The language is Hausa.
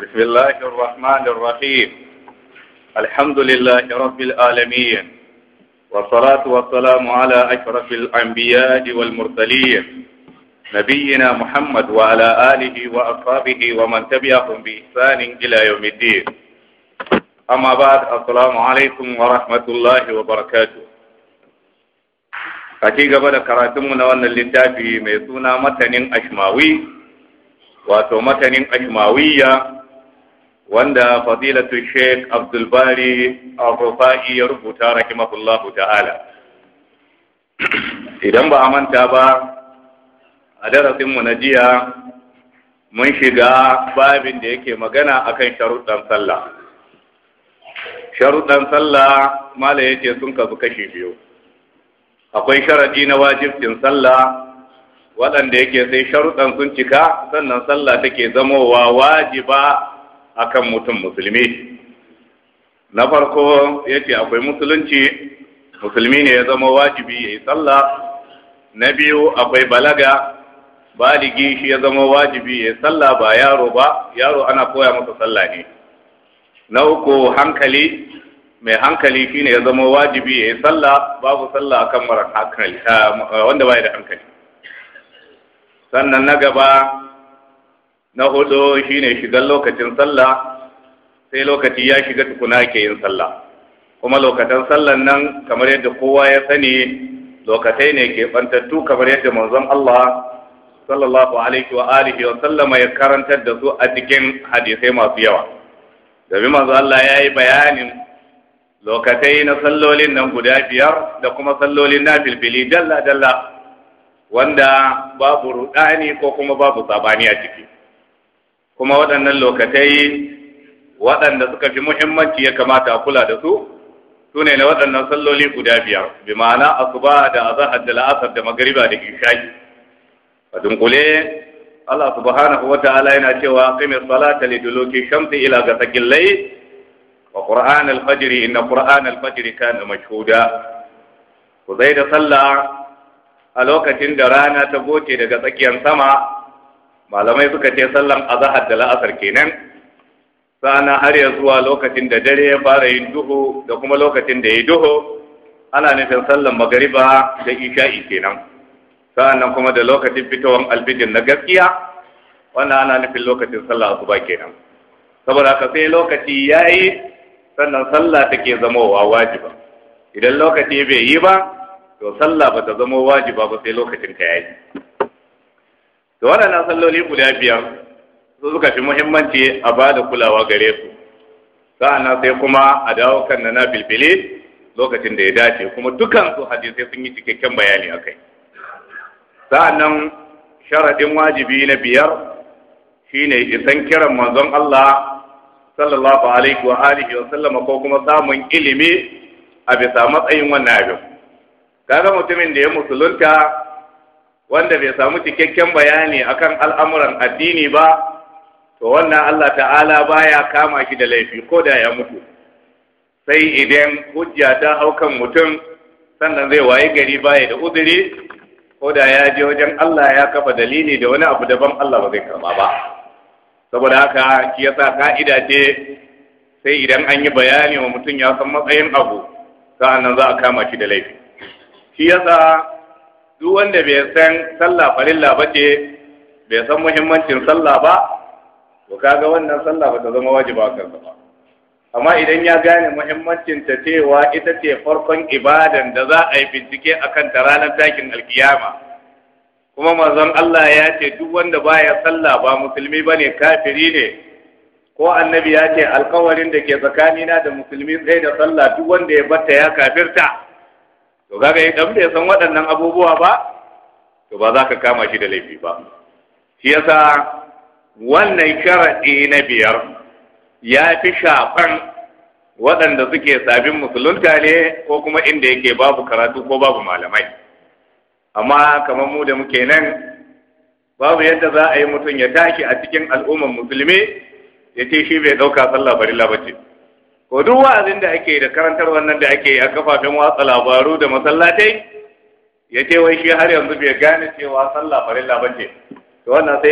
بسم الله الرحمن الرحيم الحمد لله رب العالمين والصلاة والسلام على أشرف الأنبياء والمرسلين نبينا محمد وعلى آله وأصحابه ومن تبعهم بإحسان إلى يوم الدين أما بعد السلام عليكم ورحمة الله وبركاته a ci gaba da karatunmu na wannan littafi mai suna matanin ashmawi wato matanin ashmawiya wanda fadilatu sheikh abdulbari al-rufa'i ya rubuta rahimahullahu ta'ala idan ba a manta ba a darasinmu na jiya mun shiga babin da yake magana akan sharuɗan sallah sharuɗan sallah mala yake sun kasu kashi biyu akwai sharadi na wajibcin sallah waɗanda yake sai sharuɗan sun cika sannan sallah take zamowa wajiba akan mutum musulmi na farko yace akwai musulunci musulmi ne ya zama wajibi ya yi sallah na biyu akwai balaga baligi shi ya zama wajibi ya yi sallah ba yaro ba yaro ana koya masa sallah ne na uku hankali mai hankali shine ya zama wajibi ya yi sallah babu sallah kan mara hankali ah, wanda bai da hankali sannan na gaba na hudu shine shigar lokacin sallah sai lokaci ya shiga tukuna ke yin sallah kuma lokacin sallan nan kamar yadda kowa ya sani lokatai ne ke bantattu kamar yadda manzon Allah sallallahu alaihi wa alihi wa sallama ya karantar da su a cikin hadisai masu yawa domin manzon Allah ya yi bayanin lokatai na sallolin nan guda biyar da kuma sallolin na filfili dalla dalla wanda babu rudani ko kuma babu sabani a ciki kuma waɗannan lokatai waɗanda suka fi muhimmanci ya kamata kula da su su ne na waɗannan salloli guda biyar bi ma'ana asuba da azahar da la'asar da magariba da ishaki a dunkule Allah subhanahu wa ta'ala yana cewa qimi salata liduluki shamsi ila ga layl wa qur'an al-fajr inna qur'an al-fajr kana mashhuda ku zai da sallah a lokacin da rana ta goce daga tsakiyar sama malamai suka ce sallan azahar da la'asar kenan sana har ya zuwa lokacin da dare ya fara yin duhu da kuma lokacin da ya duhu ana nufin sallar magariba da isha'i kenan sa'annan kuma da lokacin fitowar albijin na gaskiya wannan ana nufin lokacin sallah asuba kenan saboda haka sai lokaci yayi sannan sallah take zamowa wajiba idan lokaci bai yi ba to sallah ba ta zamo wajiba ba sai lokacin ka yayi to waɗannan salloli guda biyar su suka fi muhimmanci a ba da kulawa gare su sa'annan sai kuma a dawo kan na bilbili lokacin da ya dace kuma dukan su hadisai sun yi cikakken bayani a kai. sa'annan sharadin wajibi na biyar shine isan kiran manzon Allah sallallahu alaihi wa alihi wa sallama ko kuma samun ilimi a bisa matsayin wannan abin kaga mutumin da ya musulunta wanda bai samu cikakken bayani akan al'amuran addini ba to wannan Allah ta'ala baya kama shi da laifi ko da ya mutu sai idan hujja ta hau kan mutum sannan zai waye gari baya da uzuri ko da ya je wajen Allah ya kafa dalili da wani abu daban Allah ba zai karba ba saboda haka shi yasa ka'ida ce sai idan an yi bayani wa mutum ya san matsayin abu sa'annan za a kama shi da laifi shi yasa duk wanda bai san sallah farilla ba ce bai san muhimmancin sallah ba to kaga wannan sallah ba ta zama wajiba kansa ba amma idan ya gane muhimmancin ta cewa ita ce farkon ibadan da za a yi bincike akan ta ranar takin alkiyama kuma manzon Allah ya ce duk wanda baya sallah ba musulmi bane kafiri ne ko annabi ya ce alkawarin da ke tsakanina da musulmi tsaye da sallah duk wanda ya batta ya kafirta to kaga idan bai san waɗannan abubuwa ba to ba za ka kama shi da laifi ba shi yasa wannan sharaɗi na biyar ya fi shafan waɗanda suke sabin musulunta ne ko kuma inda yake babu karatu ko babu malamai amma kamar mu da muke nan babu yadda za a yi mutum ya tashi a cikin al'ummar musulmi ya ce shi bai ɗauka sallah farilla ba ko duk wa'azin da ake da karantar wannan da ake a kafafen watsa labaru da masallatai ya ce wai shi har yanzu bai gane cewa sallah farilla ba to wannan sai